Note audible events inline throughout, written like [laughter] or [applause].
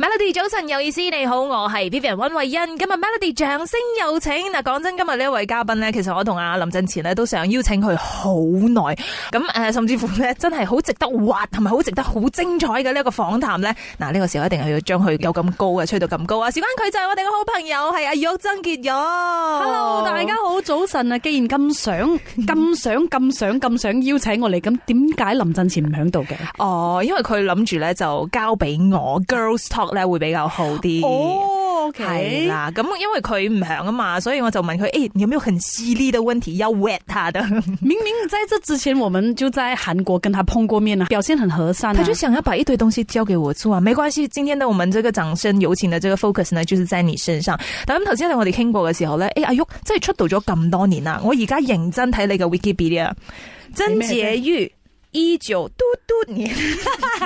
Melody 早晨有意思，你好，我係 Vivian 溫慧欣。今日 Melody 掌聲有請。嗱，講真，今日呢一位嘉賓呢，其實我同阿林振前咧都想邀請佢好耐。咁誒，甚至乎咧，真係好值得挖，同埋好值得好精彩嘅呢一個訪談咧。嗱，呢個時候一定係要將佢有咁高嘅，吹到咁高啊！事關佢就係我哋嘅好朋友，係阿玉曾潔鈺。Hello，大家好，早晨啊！既然咁想、咁 [laughs] 想、咁想、咁想邀請我哋，咁點解林振前唔喺度嘅？哦、呃，因為佢諗住咧就交俾我 Girls Talk。咧會比較好啲，哦、oh,，OK，係啦，咁因為佢唔響啊嘛，所以我就問佢，誒、欸，你有冇很犀利的問題要 wet 他的？ [laughs] 明明在這之前，我們就在韓國跟他碰過面啦，表現很和善、啊，他就想要把一堆東西交給我做啊，沒關係。今天的我們這個掌聲，有請的這個 focus 呢，就是在你身上。但咁頭先我哋傾過嘅時候呢，誒、欸，阿玉，真係出道咗咁多年啦，我而家認真睇你嘅 wikipedia，曾潔鈺。Ejo do 嘅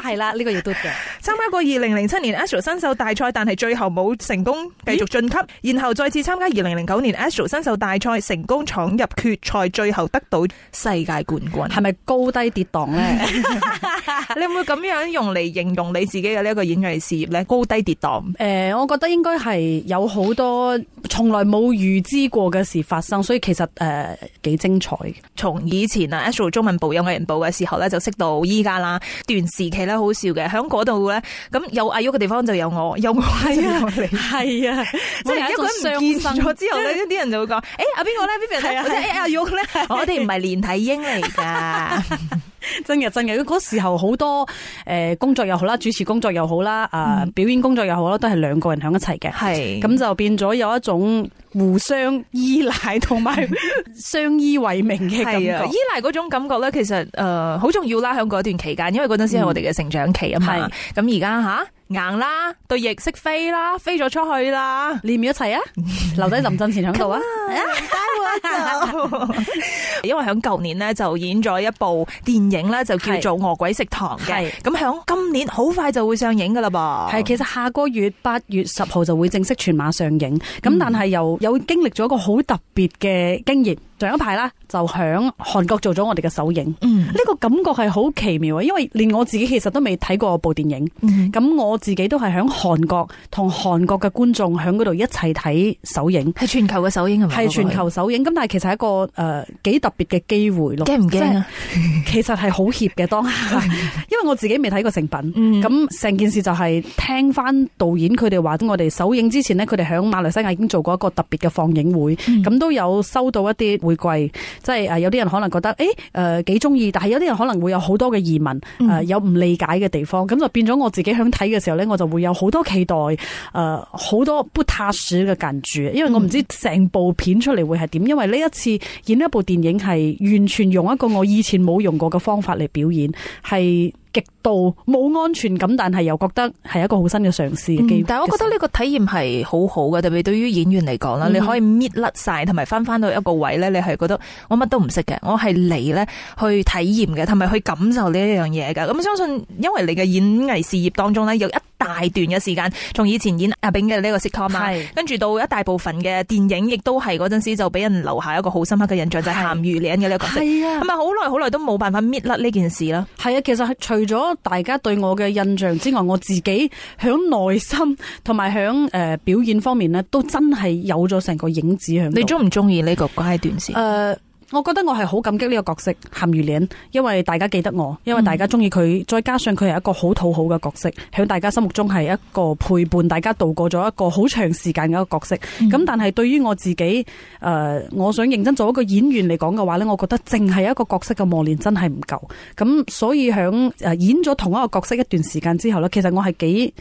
係啦，呢個要嘟嘅參 [laughs] [laughs] 加過二零零七年 Astro 新秀大賽，但係最後冇成功繼續晉級，咦然後再次參加二零零九年 Astro 新秀大賽，成功闖入決賽，最後得到世界冠軍。係咪高低跌宕咧？ [laughs] [laughs] 你會唔會咁樣用嚟形容你自己嘅呢一個演藝事業咧？高低跌宕？誒、呃，我覺得應該係有好多從來冇預知過嘅事發生，所以其實誒幾、呃、精彩嘅。從以前啊，Astro 中文部有藝人部嘅時候。咧就識到依家啦，段時期咧好笑嘅，喺嗰度咧咁有阿玉嘅地方就有我，有我就有你，係啊，啊 [laughs] 即係是一個唔見咗之後咧，啲 [laughs] 人就會講，誒阿邊個咧，B B 係啊，即說、啊欸、阿玉咧，我哋唔係連體嬰嚟噶。 [laughs] [laughs] 真嘅真嘅，嗰時候好多誒工作又好啦，主持工作又好啦，啊、呃、表演工作又好啦，都係兩個人喺一齊嘅。係咁是就變咗有一種互相依賴同埋相依為命嘅感覺，啊、依賴嗰種感覺咧，其實誒好、呃、重要啦。喺嗰段期間，因為嗰陣時係我哋嘅成長期啊嘛。咁而家吓。硬啦，對翼識飛啦，飛咗出去啦，連埋一齊啊！ [laughs] 留低林振前響度啊， [laughs] [laughs] 因為響舊年呢，就演咗一部電影咧，就叫做《餓鬼食堂》嘅，咁響是今年好快就會上映噶啦噃，係其實下個月八月十號就會正式全馬上映。咁、嗯、但係又又經歷咗一個好特別嘅經驗。上一排啦，就響韓國做咗我哋嘅首映。呢、嗯、個感覺係好奇妙啊，因為連我自己其實都未睇過部電影。咁、嗯、我自己都係響韓國同韓國嘅觀眾響嗰度一齊睇首映。係全球嘅首映係係全球首映。咁、嗯、但係其實一個誒、呃、幾特別嘅機會咯。驚唔驚啊？就是、 [laughs] 其實係好怯嘅當下，因為我自己未睇過成品。咁成、嗯、件事就係聽翻導演佢哋話，我哋首映之前咧，佢哋響馬來西亞已經做過一個特別嘅放映會，咁都、嗯、有收到一啲貴，即係誒，有啲人可能覺得誒，誒幾中意，但係有啲人可能會有好多嘅疑問，誒、嗯呃、有唔理解嘅地方，咁就變咗我自己響睇嘅時候呢，我就會有好多期待，誒、呃、好多不踏實嘅近住。因為我唔知成部片出嚟會係點，因為呢一次演一部電影係完全用一個我以前冇用過嘅方法嚟表演，係。極度冇安全感，但係又覺得係一個好新嘅嘗試嘅機會、嗯。但係我覺得呢個體驗係好好嘅，特別對於演員嚟講啦，嗯、你可以搣甩晒，同埋翻翻到一個位咧，你係覺得我乜都唔識嘅，我係嚟咧去體驗嘅，同埋去感受呢一樣嘢嘅。咁相信，因為你嘅演藝事業當中呢，有一大段嘅時間，從以前演阿炳嘅呢個 sitcom 是跟住到一大部分嘅電影，亦都係嗰陣時就俾人留下一個好深刻嘅印象，是就係鹹魚娘嘅呢個角色。係咪好耐好耐都冇辦法搣甩呢件事啦？係啊，其實除咗大家對我嘅印象之外，我自己響內心同埋響誒表演方面咧，都真係有咗成個影子響。你中唔中意呢個階段先？ [laughs] 呃我覺得我係好感激呢個角色含魚臉，因為大家記得我，因為大家中意佢，嗯、再加上佢係一個好討好嘅角色，喺大家心目中係一個陪伴大家度過咗一個好長時間嘅一個角色。咁、嗯、但係對於我自己，誒、呃，我想認真做一個演員嚟講嘅話呢，我覺得淨係一個角色嘅磨練真係唔夠。咁所以響誒演咗同一個角色一段時間之後呢，其實我係幾。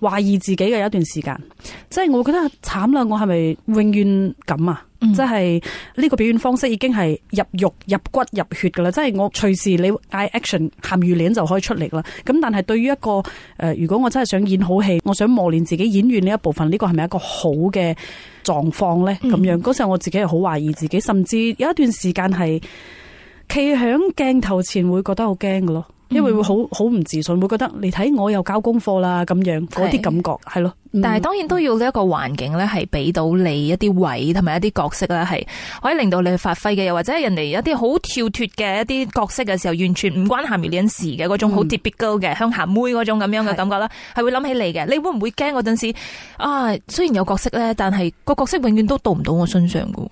懷疑自己嘅一段時間，即係我覺得慘啦！我係咪永遠咁啊？嗯、即係呢、這個表演方式已經係入肉入骨入血噶啦！即係我隨時你嗌 action 喊如鏈就可以出嚟啦。咁但係對於一個誒、呃，如果我真係想演好戲，我想磨練自己演員呢一部分，呢、這個係咪一個好嘅狀況呢？咁樣嗰陣、嗯、我自己係好懷疑自己，甚至有一段時間係企喺鏡頭前會覺得好驚嘅咯。因為會好好唔自信，會覺得你睇我又交功課啦咁樣嗰啲是感覺係咯。但係當然都要呢一個環境咧，係俾到你一啲位同埋一啲角色咧，係可以令到你去發揮嘅。又或者人哋一啲好跳脫嘅一啲角色嘅時候，完全唔關下面呢件事嘅嗰種好特別嘅鄉下妹嗰種咁樣嘅感覺啦，係是會諗起你嘅。你會唔會驚嗰陣時啊？雖然有角色咧，但係個角色永遠都到唔到我身上嘅。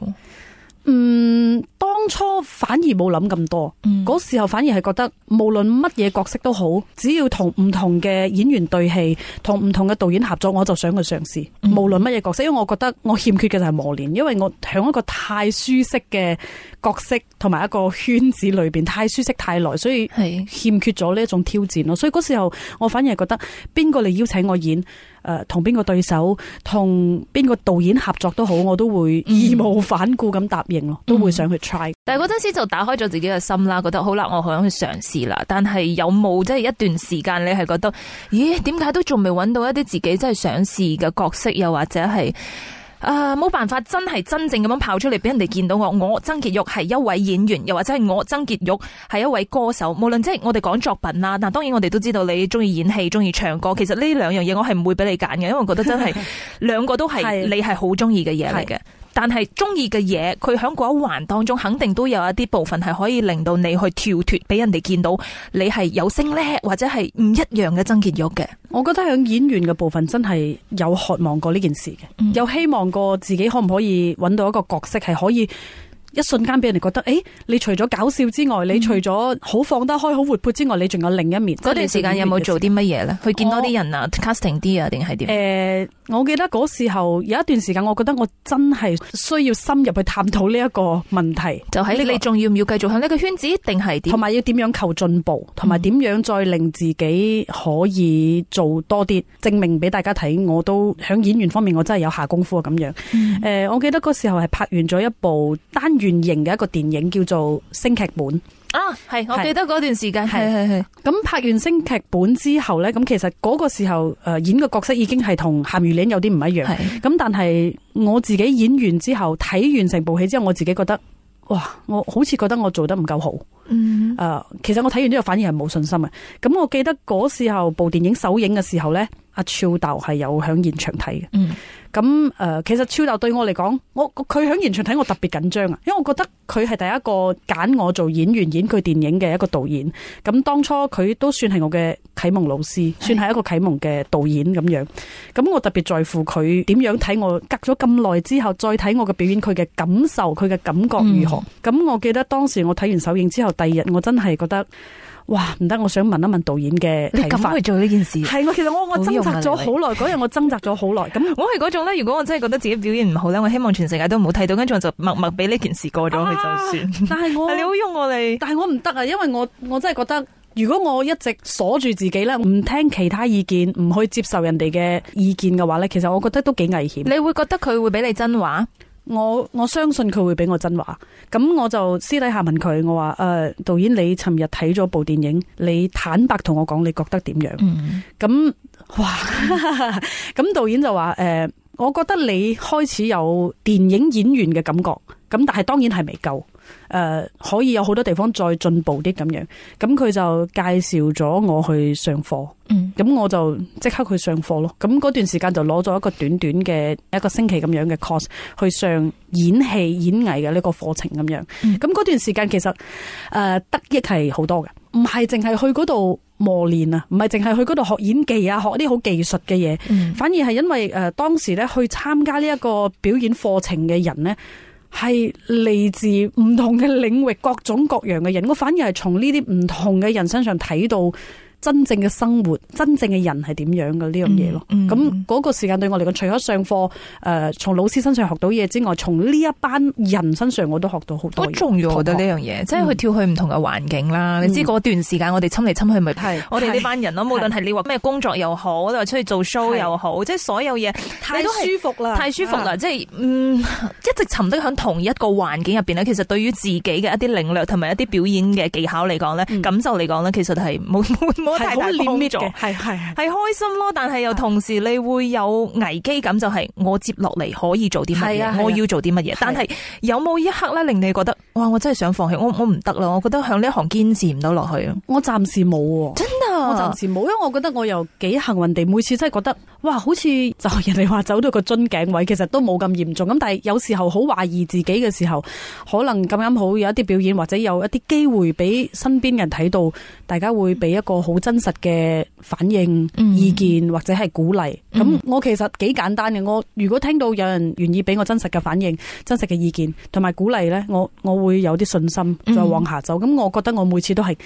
嗯，當初反而冇諗咁多，嗰、嗯、時候反而係覺得無論乜嘢角色都好，只要同唔同嘅演員對戲，同唔同嘅導演合作，我就想去嘗試。嗯、無論乜嘢角色，因為我覺得我欠缺嘅就係磨練，因為我響一個太舒適嘅角色同埋一個圈子裏邊太舒適太耐，所以係欠缺咗呢一種挑戰咯。是的 所以嗰時候我反而係覺得邊個嚟邀請我演？誒，同邊個對手、同邊個導演合作都好，我都會義無反顧咁答應咯，嗯、都會想去 try。但係嗰陣時就打開咗自己嘅心啦，覺得好啦，我好想去嘗試啦。但係有冇即係一段時間，你係覺得，咦？點解都仲未揾到一啲自己真係想試嘅角色，又或者係？啊！冇、呃、辦法，真係真正咁樣跑出嚟俾人哋見到我。我曾潔鈺係一位演員，又或者係我曾潔鈺係一位歌手。無論即係我哋講作品啦，嗱，當然我哋都知道你中意演戲，中意唱歌。其實呢兩樣嘢我係唔會俾你揀嘅，因為我覺得真係兩 [laughs] 個都係你係好中意嘅嘢嚟嘅。 [laughs] 但係中意嘅嘢，佢喺嗰一環當中，肯定都有一啲部分係可以令到你去跳脫，俾人哋見到你係有聲叻，或者係唔一樣嘅曾潔鈺嘅。我覺得喺演員嘅部分，真係有渴望過呢件事嘅，嗯、有希望過自己可唔可以揾到一個角色，係可以一瞬間俾人哋覺得，誒、欸，你除咗搞笑之外，嗯、你除咗好放得開、好活潑之外，你仲有另一面。嗰段、嗯、時間有冇做啲乜嘢呢？我去見多啲人啊，casting 啲啊，定係點？誒、呃。我記得嗰時候有一段時間，我覺得我真係需要深入去探討呢一個問題。就喺你，你仲要唔要繼續響呢個圈子，定係點同埋要點樣求進步，同埋點樣再令自己可以做多啲證明俾大家睇？我都響演員方面，我真係有下功夫啊！咁樣，誒、 [laughs] 呃，我記得嗰時候係拍完咗一部單元型嘅一個電影，叫做《星劇本》。啊，係，我記得嗰段時間係係係，咁拍完星劇本之後咧，咁其實嗰個時候誒、呃、演嘅角色已經係同咸魚鏈有啲唔一樣，咁是但係我自己演完之後睇完成部戲之後，我自己覺得，哇，我好似覺得我做得唔夠好。嗯，誒，uh, 其實我睇完之後反而係冇信心嘅。咁我記得嗰時候部電影首映嘅時候咧，阿、啊、超豆係有響現場睇嘅。嗯，咁誒、嗯，其實超豆對我嚟講，我佢響現場睇我特別緊張啊，因為我覺得佢係第一個揀我做演員演佢電影嘅一個導演。咁當初佢都算係我嘅啟蒙老師，是算係一個啟蒙嘅導演咁樣。咁我特別在乎佢點樣睇我，隔咗咁耐之後再睇我嘅表演，佢嘅感受，佢嘅感覺如何？咁、嗯、我記得當時我睇完首映之後。第二日我真係覺得，哇，唔得！我想問一問導演嘅，你敢去做呢件事？係我 [laughs] 其實我我掙扎咗好耐，嗰日，啊、我掙扎咗好耐。咁 [laughs] [laughs] 我係嗰種咧，如果我真係覺得自己表演唔好咧，我希望全世界都冇睇到，跟住我就默默俾呢件事過咗去，啊、就算。 [laughs] 但係我你好用，啊、你我哋，但係我唔得啊，因為我我真係覺得，如果我一直鎖住自己咧，唔聽其他意見，唔去接受人哋嘅意見嘅話咧，其實我覺得都幾危險。 [laughs] 你會覺得佢會俾你真話？我我相信佢會俾我真話，咁我就私底下問佢，我話：誒、呃，導演你尋日睇咗部電影，你坦白同我講你覺得點樣？咁、嗯、哇，咁 [laughs] 導演就話：誒、呃，我覺得你開始有電影演員嘅感覺，咁但係當然係未夠。誒，uh, 可以有好多地方再進步啲咁樣，咁佢就介紹咗我去上課，咁我就即刻去上課咯。咁嗰段時間就攞咗一個短短嘅一個星期咁樣嘅 course 去上演戲演藝嘅呢個課程咁樣。咁嗰段時間其實誒、呃、得益係好多嘅，唔係淨係去嗰度磨練啊，唔係淨係去嗰度學演技啊，學啲好技術嘅嘢，反而係因為誒、呃、當時咧去參加呢一個表演課程嘅人呢。係嚟自唔同嘅領域，各種各樣嘅人，我反而係從呢啲唔同嘅人身上睇到。真正嘅生活，真正嘅人係點樣嘅呢樣嘢咯？咁嗰個時間對我嚟講，除咗上課，誒，從老師身上學到嘢之外，從呢一班人身上，我都學到好多。好重要，我覺得呢樣嘢，即係去跳去唔同嘅環境啦。你知嗰段時間我哋親嚟親去，咪係我哋呢班人咯？無論係你話咩工作又好，都話出去做 show 又好，即係所有嘢太舒服啦，太舒服啦！即係嗯，一直沉得響同一個環境入邊咧，其實對於自己嘅一啲領略同埋一啲表演嘅技巧嚟講咧，感受嚟講咧，其實係冇。好黏呢種，係係係開心咯，但係又同時你會有危機感，就係我接落嚟可以做啲乜嘢，啊、我要做啲乜嘢。啊、但係有冇一刻咧，令你覺得，哇！我真係想放棄，我我唔得喇，我覺得向呢一行堅持唔到落去。我暫時冇。我暫時冇，因為我覺得我又幾幸運地，每次真係覺得，哇，好似就人哋話走到個樽頸位，其實都冇咁嚴重。咁但係有時候好懷疑自己嘅時候，可能咁啱好有一啲表演或者有一啲機會，俾身邊人睇到，大家會俾一個好真實嘅反應、嗯、意見或者係鼓勵。咁、嗯、我其實幾簡單嘅，我如果聽到有人願意俾我真實嘅反應、真實嘅意見同埋鼓勵呢，我我會有啲信心再往下走。咁、嗯嗯、我覺得我每次都係。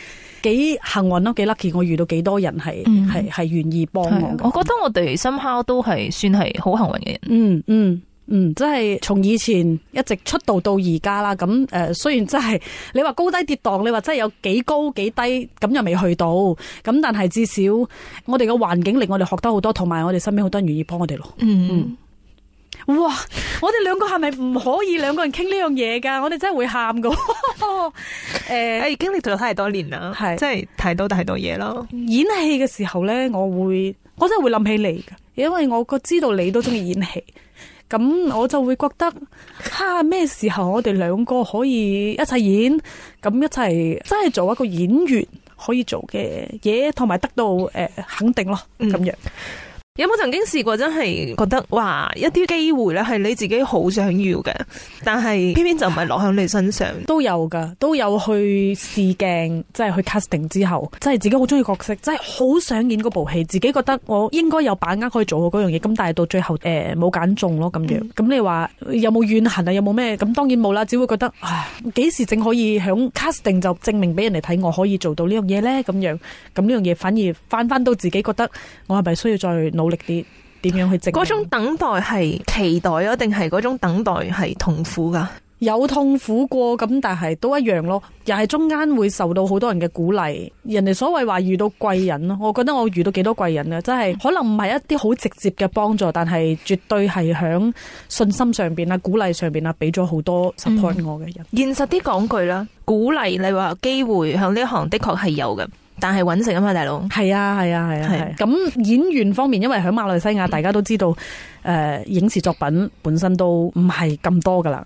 幾幸運咯，幾 lucky，我遇到幾多人係係係願意幫我。我覺得我哋深敲都係算係好幸運嘅人。嗯嗯嗯，即係從以前一直出道到而家啦。咁誒、呃，雖然真係你話高低跌宕，你話真係有幾高幾低，咁又未去到。咁但係至少我哋嘅環境令我哋學得好多，同埋我哋身邊好多人願意幫我哋咯。嗯嗯。嗯哇！我哋兩個係咪唔可以兩個人傾呢樣嘢噶？我哋真係會喊噶、 [laughs] 哎。誒，誒，經歷咗太多年啦，係即係太多太多嘢咯。演戲嘅時候咧，我會我真係會諗起你噶，因為我個知道你都中意演戲，咁我就會覺得哈咩時候我哋兩個可以一齊演，咁一齊真係做一個演員可以做嘅嘢，同埋得到誒、呃、肯定咯，咁樣。嗯有冇曾經試過真係覺得哇，一啲機會咧係你自己好想要嘅，但係偏偏就唔係落喺你身上都有噶，都有去試鏡，即係去 casting 之後，真係自己好中意角色，真係好想演嗰部戲，自己覺得我應該有把握可以做好嗰樣嘢，咁但係到最後誒冇揀中咯咁樣。咁、嗯嗯、你話有冇怨恨啊？有冇咩？咁當然冇啦，只會覺得唉，幾時正可以響 casting 就證明俾人哋睇我可以做到呢樣嘢咧？咁樣，咁呢樣嘢反而翻翻到自己覺得我係咪需要再努力啲點樣去整？嗰種等待係期待啊，定係嗰種等待係痛苦噶？有痛苦過咁，但係都一樣咯。又係中間會受到好多人嘅鼓勵。人哋所謂話遇到貴人咯，我覺得我遇到幾多貴人啊！真係可能唔係一啲好直接嘅幫助，但係絕對係響信心上邊啦、鼓勵上邊啦，俾咗好多 support、嗯、我嘅人。現實啲講句啦，鼓勵你話機會響呢行的確係有嘅。但係揾食啊嘛，大佬係 [noise] 啊，係啊，係啊，係、啊。咁演員方面，因為喺馬來西亞，大家都知道，誒、嗯，影視作品本身都唔係咁多噶啦。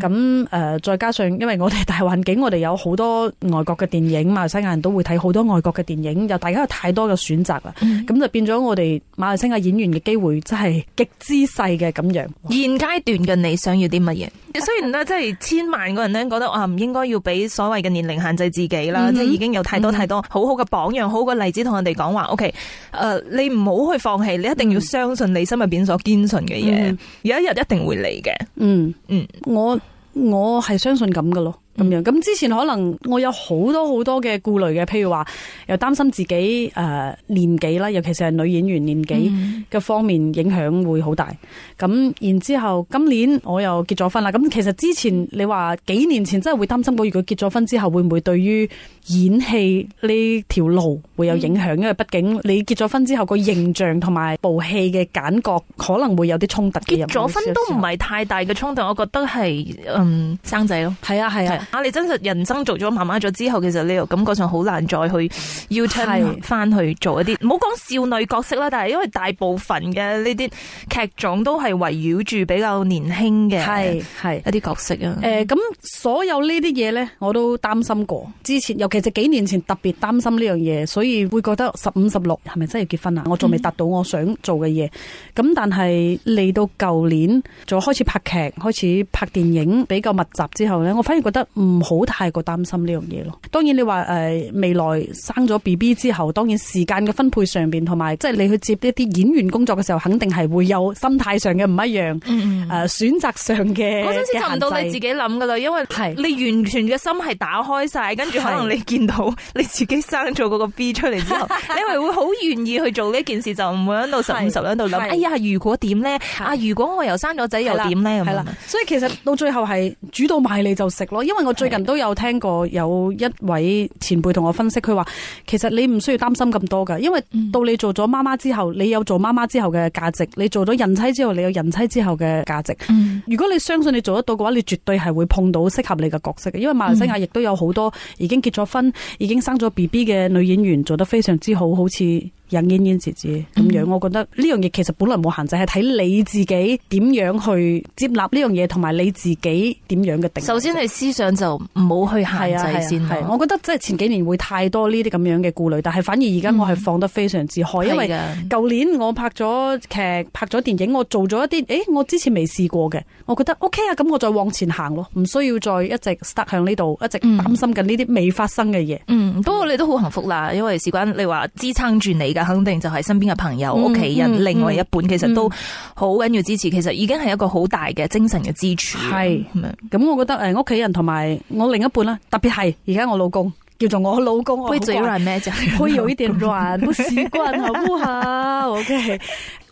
咁誒、嗯，再加上，因為我哋大環境，我哋有好多外國嘅電影，馬來西亞人都會睇好多外國嘅電影，又大家有太多嘅選擇啦。咁、嗯、就變咗我哋馬來西亞演員嘅機會真係極之細嘅咁樣。現階段嘅你想要啲乜嘢？ [laughs] 雖然呢，即係千萬個人呢，覺得啊，唔、哦、應該要俾所謂嘅年齡限制自己啦，即係已經有太多、嗯嗯、太多好好。個榜樣好個例子，同人哋講話，OK，誒、呃，你唔好去放棄，你一定要相信你心入邊所堅信嘅嘢，嗯、有一日一定會嚟嘅。嗯嗯，嗯我我係相信咁嘅咯。咁樣，咁之前可能我有好多好多嘅顧慮嘅，譬如話又擔心自己誒、呃、年紀啦，尤其是係女演員年紀嘅方面影響會好大。咁、嗯、然之後今年我又結咗婚啦。咁其實之前你話幾年前真係會擔心，如果結咗婚之後會唔會對於演戲呢條路會有影響？因為、嗯、畢竟你結咗婚之後個形象同埋部戲嘅感覺可能會有啲衝突。結咗婚都唔係太大嘅衝突，我覺得係嗯生仔咯。係啊，係啊。 [laughs] 啊！你真實人生做咗媽媽咗之後，其實呢個感覺上好難再去要 U-turn 翻、啊、去做一啲，唔好講少女角色啦。但係因為大部分嘅呢啲劇種都係圍繞住比較年輕嘅，係係一啲角色啊。誒、呃，咁所有呢啲嘢呢，我都擔心過。之前，尤其是幾年前特別擔心呢樣嘢，所以會覺得十五十六係咪真係結婚啊？我仲未達到我想做嘅嘢。咁、嗯、但係嚟到舊年，仲開始拍劇，開始拍電影比較密集之後呢，我反而覺得。唔好太過擔心呢樣嘢咯。當然你話誒、呃、未來生咗 B B 之後，當然時間嘅分配上面同埋即係你去接一啲演員工作嘅時候，肯定係會有心態上嘅唔一樣，誒、嗯嗯呃、選擇上嘅。我想時就唔到你自己諗噶啦，因為你完全嘅心係打開晒，跟住可能你見到你自己生咗嗰個 B 出嚟之後，是你係會好願意去做呢件事，就唔會喺度十五十喺度諗。哎呀，如果點呢？是啊，如果我又生咗仔又點呢？係啦的，的所以其實到最後係煮到賣你就食咯，因為。我最近都有聽過有一位前輩同我分析，佢話其實你唔需要擔心咁多噶，因為到你做咗媽媽之後，你有做媽媽之後嘅價值；你做咗人妻之後，你有人妻之後嘅價值。嗯、如果你相信你做得到嘅話，你絕對係會碰到適合你嘅角色。因為馬來西亞亦都有好多已經結咗婚、已經生咗 B B 嘅女演員做得非常之好，好似。隱隱折折咁樣，我覺得呢樣嘢其實本來冇限制，係睇、嗯、你自己點樣去接納呢樣嘢，同埋你自己點樣嘅定義。首先係思想就唔好去限制先。我覺得即係前幾年會太多呢啲咁樣嘅顧慮，但係反而而家我係放得非常之開，嗯、因為舊年我拍咗劇、拍咗電影，我做咗一啲誒、欸，我之前未試過嘅，我覺得 O、OK、K 啊，咁我再往前行咯，唔需要再一直 stuck 喺呢度，一直擔心緊呢啲未發生嘅嘢、嗯。嗯，不過你都好幸福啦，因為，因為事關你話支撐住你噶。肯定就係身邊嘅朋友、屋企、嗯、人、另外一半，嗯、其實都好緊要支持。嗯、其實已經係一個好大嘅精神嘅支柱是。係咁、嗯，我覺得誒，屋、嗯、企人同埋我另一半啦，特別係而家我老公，叫做我老公。最重要係咩啫？揮毫一電話，冇事關好？烏吓，OK。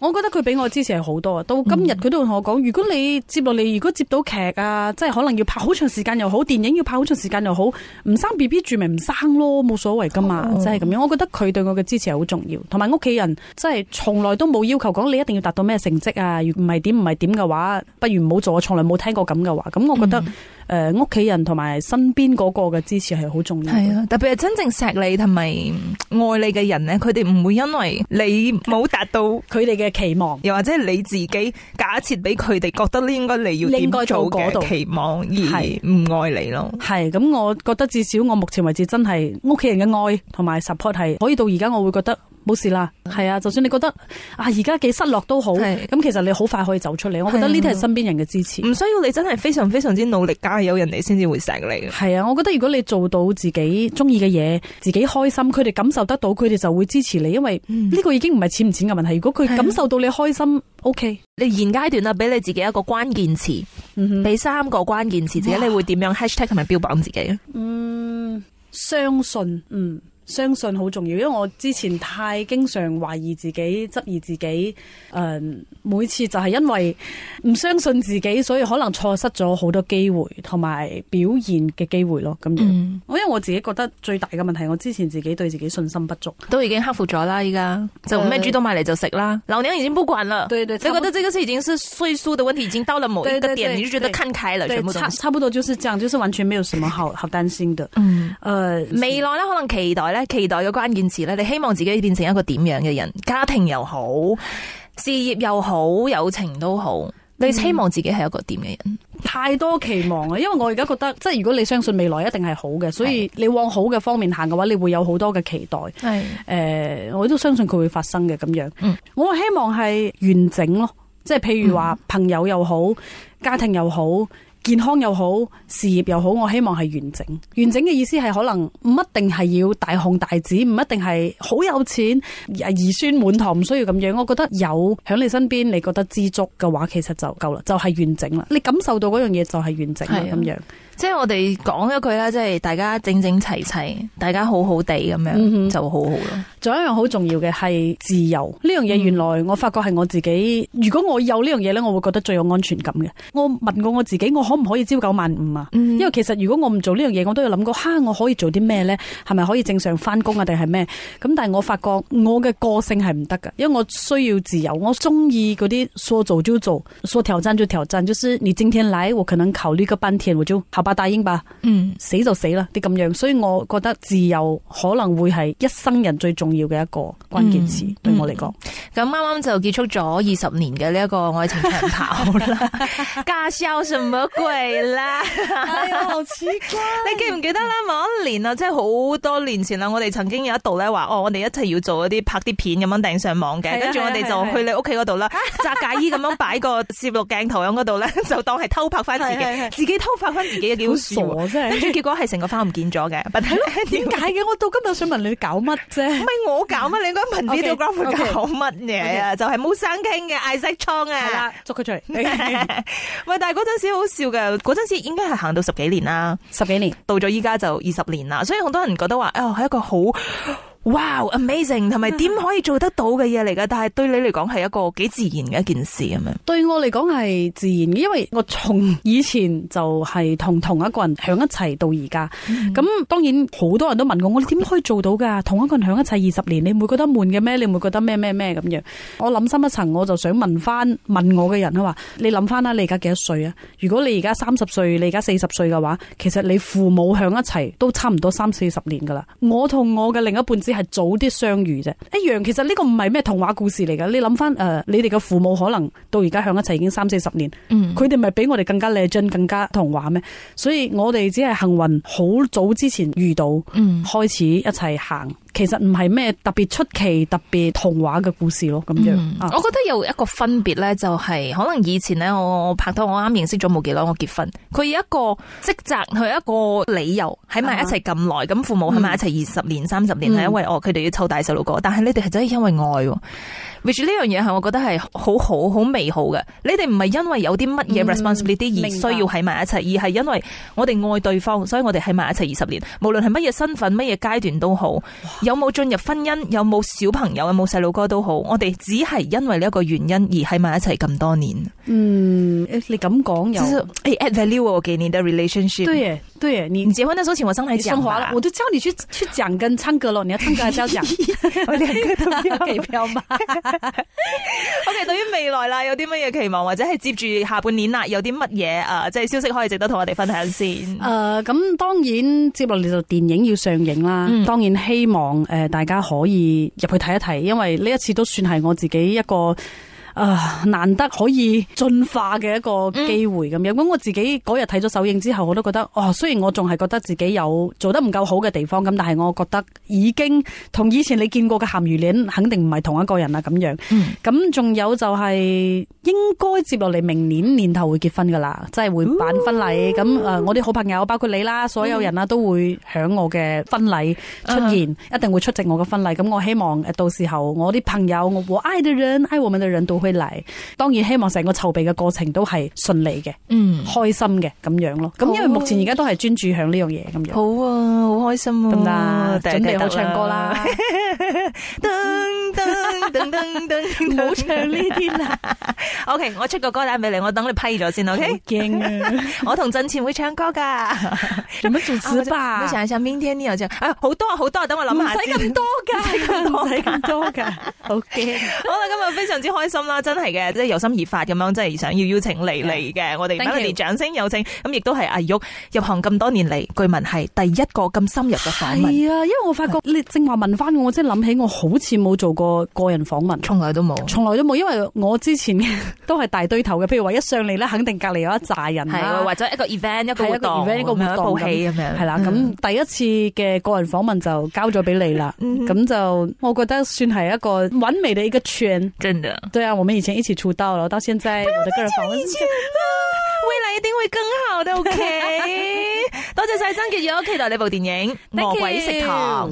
我覺得佢俾我支持係好多啊！到今日佢都同我講，嗯、如果你接落嚟，如果接到劇啊，即係可能要拍好長時間又好，電影要拍好長時間又好，唔生 B B 住咪唔生咯，冇所謂噶嘛，即係咁樣。我覺得佢對我嘅支持係好重要，同埋屋企人即係從來都冇要求講你一定要達到咩成績啊，唔係點唔係點嘅話，不如唔好做。我從來冇聽過咁嘅話。咁我覺得誒，屋企、嗯呃、人同埋身邊嗰個嘅支持係好重要、啊，特別係真正錫你同埋愛你嘅人呢，佢哋唔會因為你冇達到佢哋嘅。 [laughs] 期望，又或者你自己假設俾佢哋覺得呢，應該你要應該做度期望而唔愛你咯。係咁是，我覺得至少我目前為止真係屋企人嘅愛同埋 support 係可以到而家我會覺得。冇事啦，係啊，就算你覺得啊而家幾失落都好，咁、啊、其實你好快可以走出嚟。啊、我覺得呢啲係身邊人嘅支持，唔需要你真係非常非常之努力，假係有人哋先至會醒你嘅。係啊，我覺得如果你做到自己中意嘅嘢，自己開心，佢哋感受得到，佢哋就會支持你，因為呢個已經唔係錢唔錢嘅問題。如果佢感受到你開心、啊，OK。你現階段啊，俾你自己一個關鍵詞，俾、嗯、哼三個關鍵詞，自己哇你會點樣 hashtag 同埋標榜自己啊？嗯，相信，嗯。相信好重要，因為我之前太經常懷疑自己、質疑自己。誒、嗯，每次就係因為唔相信自己，所以可能錯失咗好多機會同埋表現嘅機會咯。咁樣、嗯，因為我自己覺得最大嘅問題，我之前自己對自己信心不足，都已經克服咗啦。依家就咩豬都買嚟就食啦，呃、老娘已經不管啦。對覺得呢個事已經是歲數的問題，已經到了某一個點，你就覺得看開了，全部都差差不多就是這樣，就是完全沒有什麼好好擔心的。未來呢可能期待，期待嘅關鍵詞咧，你希望自己變成一個點樣嘅人？家庭又好，事業又好，友情都好，你希望自己係一個點嘅人，嗯？太多期望啦，因為我而家覺得，即係如果你相信未來一定係好嘅，所以你往好嘅方面行嘅話，你會有好多嘅期待。係誒嘅，呃，我都相信佢會發生嘅咁樣。嗯，我希望係完整咯，即係譬如話朋友又好，嗯，家庭又好。健康又好，事業又好，我希望係完整。完整嘅意思係可能唔一定係要大紅大紫，唔一定係好有錢，兒孫滿堂，唔需要咁樣。我覺得有喺你身邊，你覺得知足嘅話，其實就夠啦，就係、是、完整啦。你感受到嗰樣嘢就係完整啦，咁、啊、樣。即係我哋講咗佢啦，即係大家整整齊齊，大家好好地咁樣，嗯、哼就好好咯。仲有一樣好重要嘅係自由。呢樣嘢原來我發覺係我自己，嗯、如果我有呢樣嘢呢，我會覺得最有安全感嘅。我問過我自己，我。可唔可以朝九晚五啊？因為其實如果我唔做呢樣嘢，我都有諗過，哈，我可以做啲咩呢？係咪可以正常翻工啊？定係咩？咁但係我發覺我嘅個性係唔得嘅，因為我需要自由，我中意嗰啲說做就做，說挑戰就挑戰。就是你今天來，我可能考慮個半天，我就下百大英吧，嗯，死就死啦，啲咁樣。所以我覺得自由可能會係一生人最重要嘅一個關鍵詞，嗯，對我嚟講。咁啱啱就結束咗二十年嘅呢一個愛情長跑啦㗎，笑咩 [laughs] 好了 [laughs] 貴啦，好奇怪。你記唔記得啦？某一年啊，即係好多年前啊。我哋曾經有一度咧話哦，我哋一齊要做一啲拍啲片咁樣掟上網嘅。跟住我哋就去你屋企嗰度啦，扎嫁衣咁樣擺個攝錄鏡頭喺嗰度咧，就當係偷拍翻自己，自己偷拍翻自己嘅叫好傻啫。跟住結果係成個花唔見咗嘅。問題，點解嘅？我到今日想問你搞乜啫？唔係我搞乜，你應該問呢度。g r 搞乜嘢啊？就係冇生傾嘅，嗌死倉啊！捉佢出嚟。喂，但係嗰陣時好笑。嘅嗰陣時應該係行到十幾年啦，十幾年到咗依家就二十年啦，所以好多人覺得話，啊、哎，係一個好。w、wow, Amazing 同埋點可以做得到嘅嘢嚟噶？但係對你嚟講係一個幾自然嘅一件事咁樣。對我嚟講係自然嘅，因為我從以前就係同同一個人喺一齊到而家。咁、mm hmm. 當然好多人都問我，我點可以做到㗎？ [laughs] 同一個人喺一齊二十年，你唔會覺得悶嘅咩？你唔會覺得咩咩咩咁樣？我諗深一層，我就想問翻問我嘅人啊，話你諗翻啦，你而家幾多歲啊？如果你而家三十歲，你而家四十歲嘅話，其實你父母喺一齊都差唔多三四十年㗎啦。我同我嘅另一半只係早啲相遇啫，一、哎、樣。其實呢個唔係咩童話故事嚟噶。你諗翻誒，你哋嘅父母可能到而家響一齊已經三四十年，嗯，佢哋咪比我哋更加勵志，更加童話咩？所以我哋只係幸運，好早之前遇到，嗯，開始一齊行。其實唔係咩特別出奇、特別童話嘅故事咯，咁樣、嗯 uh. 我覺得有一個分別呢、就係，就係可能以前呢，我拍拖我啱認識咗冇幾耐，我結婚，佢有一個職責，佢一個理由喺埋一齊咁耐，咁、uh huh. 父母喺埋一齊二十年、三十年係、嗯、因為哦，佢哋、嗯、要湊大細路哥，但係你哋係真係因為愛。which 呢樣嘢係，我覺得係好好好美好嘅。你哋唔係因為有啲乜嘢 responsibility、嗯、而需要喺埋一齊，而係因為我哋愛對方，所以我哋喺埋一齊二十年。無論係乜嘢身份、乜嘢階段都好，有冇進入婚姻、有冇小朋友、有冇細路哥都好，我哋只係因為呢一個原因而喺埋一齊咁多年。嗯，欸、你咁講又誒 add value 我嘅呢啲 relationship 對。對呀對呀，你結婚嗰時我生你升華，我都教你去去講跟唱歌咯，你要唱歌要講，兩個都要達標嘛。 [laughs] OK，對於未來啦，有啲乜嘢期望，或者係接住下半年啦，有啲乜嘢啊，即係消息可以值得同我哋分享先。誒、呃，咁當然接落嚟就電影要上映啦，嗯、當然希望誒大家可以入去睇一睇，因為呢一次都算係我自己一個。啊，難得可以進化嘅一個機會咁、嗯、樣。咁我自己嗰日睇咗首映之後，我都覺得，哦，雖然我仲係覺得自己有做得唔夠好嘅地方，咁但係我覺得已經同以前你見過嘅鹹魚鏈肯定唔係同一個人啦咁樣。咁仲、嗯、有就係應該接落嚟明年年頭會結婚噶啦，即係會辦婚禮。咁誒、嗯嗯呃，我啲好朋友，包括你啦，所有人啦，都會響我嘅婚禮出現，嗯，uh huh. 一定會出席我嘅婚禮。咁我希望到時候我啲朋友，我愛的人，我愛的人，我愛我們嘅人都。會嚟，當然希望成個籌備嘅過程都係順利嘅，嗯，開心嘅咁樣咯。咁因為目前而家都係專注響呢樣嘢咁樣。好啊，樣好開心啊，行行準備好唱歌啦。 [laughs] 燈燈 [laughs] 等等等等，好 [laughs] 唱呢啲啦。 [laughs] o、okay, K，我出個歌單俾你，我等你批咗先。O K，驚啊！我同振前會唱歌噶，咁樣吧。你想一想，明天呢有隻，好、啊、多啊，好多，等我諗下，唔使咁多噶，唔使咁多噶。好 K，好啦，今日非常之開心啦，真係嘅，即係由心而發咁樣，即係想要邀請嚟嚟嘅。 [laughs] Thank you. 我哋等你哋掌聲有請。咁亦都係阿玉入行咁多年嚟，據聞係第一個咁深入嘅訪問。係啊，因為我發覺你正話問翻我，即係諗起我好似冇做過過，過。人訪問，從來都冇，從來都冇，因為我之前都係大堆頭嘅，譬如話一上嚟咧，肯定隔籬有一紮人啦，或者一個 event 一個活動，一個互戲咁樣，係啦，咁、嗯、第一次嘅個人訪問就交咗俾你啦，咁、嗯、就我覺得算係一個完美嘅串，真嘅的對啊，我們以前一起出道了，到現在 [laughs] 我，現在我的個人訪問，未來一定會更好嘅，OK， [laughs] 多，謝 [laughs] 多謝大晒。再見，結我期待你部電影《魔鬼食堂》。